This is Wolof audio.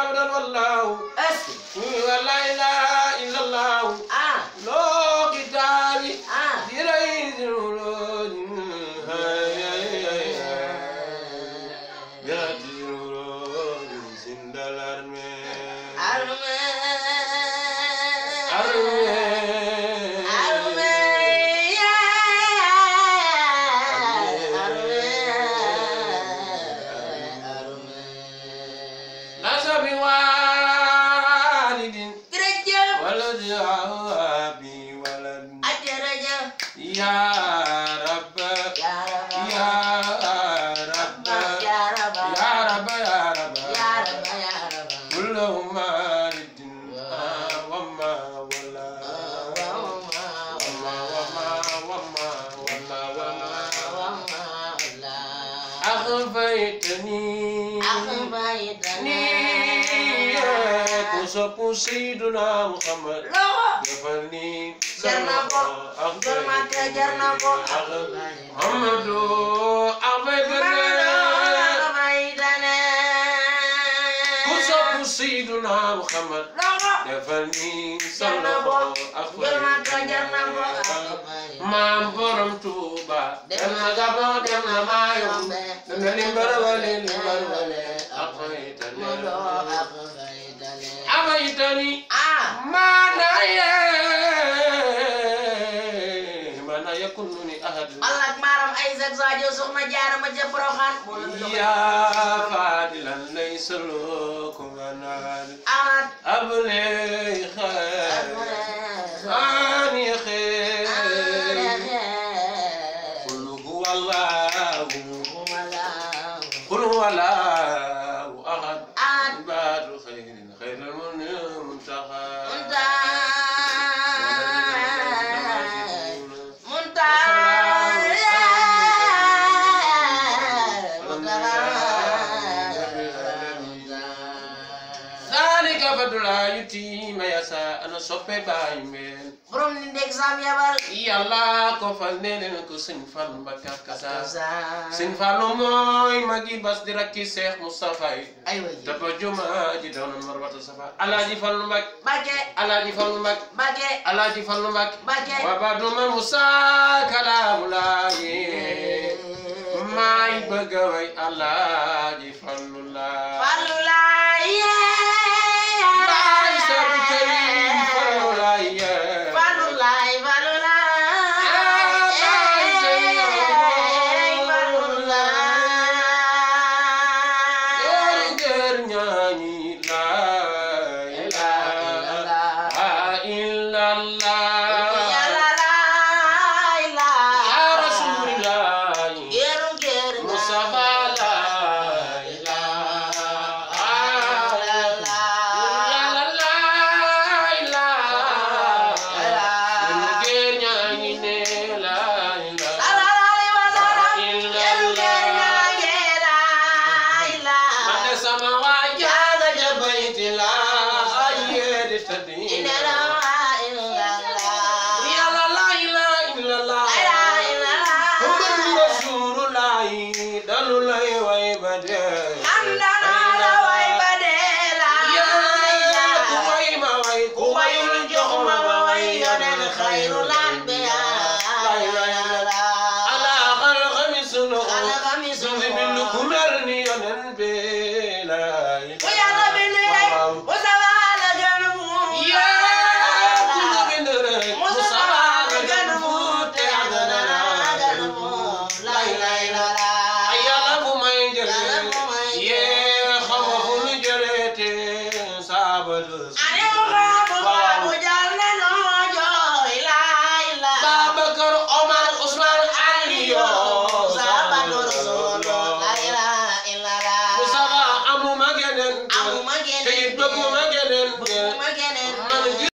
abadan wallahu wala ilaha illa allah lo kitabi Arme. Arme. baik ni Aku baik ni Kusa pusi duna Muhammad Lohok ni Jarnabo, Muhammad, للبر وللمر أقيتني أقيتني ما نايا ما نايا كلني أهل الله مارم أي زجاجة سخنا جارم جبروخان يا فادلا ليس له yettiima yasa ana soppe baay meen borom ni ndeg saam yabal yàlla ko fal neneen ko sëñ Fallu Mbakke ak kasa sëñ Fallu mooy magi bas di rakki Mustafa yi dafa ji doon marwata safa alaaji Fallu Mbakke Mbakke alaaji Fallu Mbakke Mbakke alaaji Fallu Mbakke Mbakke wa Amen. I I never